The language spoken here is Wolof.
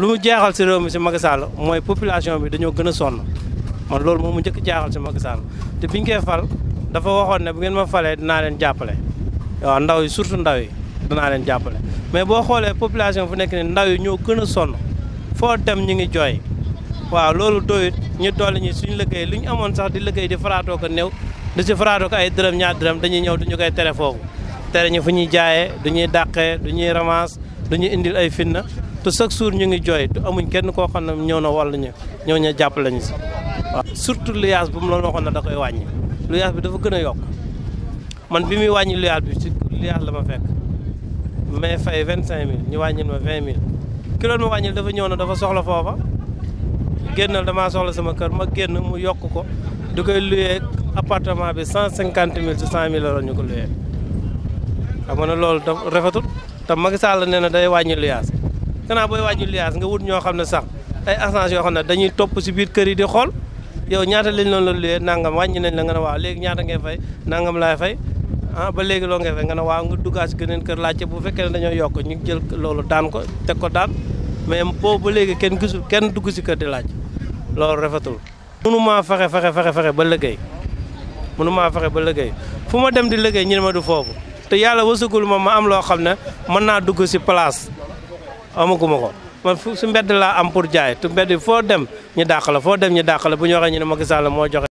lu mu jeexal si réew mi si Macky Sall mooy population bi dañoo gën a sonn man loolu moom mu njëkk jaaxal si Macky Sall te biñ koy fal dafa waxoon ne bu ngeen ma falee dinaa leen jàppale waaw ndaw yi surtout ndaw yi danaa leen jàppale mais boo xoolee population fu nekk ne ndaw yi ñoo gën a sonn foo dem ñu ngi jooy waaw loolu doyut ñu dolli ñi suñu liggéey li ñu amoon sax di liggéey di faraatoo ko néew di si faraatoo ko ay dërëm ñaar dërëm dañuy ñëw duñu koy tere foofu tere ñu fu ñuy jaayee du ñuy dàqee du ñuy indil ay fitna te chaque jour ñu ngi jooy te amuñ kenn koo xam ne ñëw na wàll ñu ñëw ña jàpp lañu si waaw surtout luyaas bu mu la waxoon ne da koy wàññi luyaas bi dafa gën a yokk man bi muy wàññi luyaas bi ci luyaas la ma fekk mais fay vingt cinq mille ñu wàññil ma vingt mille ki loolu ma dafa ñëw na dafa soxla foofa génnal damaa soxla sama kër ma génn mu yokk ko di koy luyee bi cent cinquante mille ci cent mille la ñu ko luyee xam nga ne loolu dafa rafetul te Macky Sall nee na day wàññi luyaas gannaaw booy waaju liaas nga wut ñoo xam ne sax ay agence yoo xam ne dañuy topp si biir kër yi di xool yow ñaata lañ loonu la luyee nangam wàññi nañ la nga ne waaw léegi ñaata ngay fay nangam laay fay ah ba léegi loo ngay fay nga ne waaw nga duggaat si kër laajte bu fekkee ne dañoo yokk ñu jël loolu daan ko teg ko daan mais boobu ba léegi kenn gisul kenn dugg si kër di laaj loolu rafetul mënumaa fexe fexe fexe fexe ba liggéey maa fexe ba liggéey fu ma dem di liggéey ñu ne ma du foofu te yàlla wasagul ma ma am loo xam ne mën naa dugg si place amaguma ko man fu su mbedd laa am pour jaay tu mbedd dem ñu dàq la foo dem ñu dàq la bu ñu waxee ne Macky Sall moo joxe.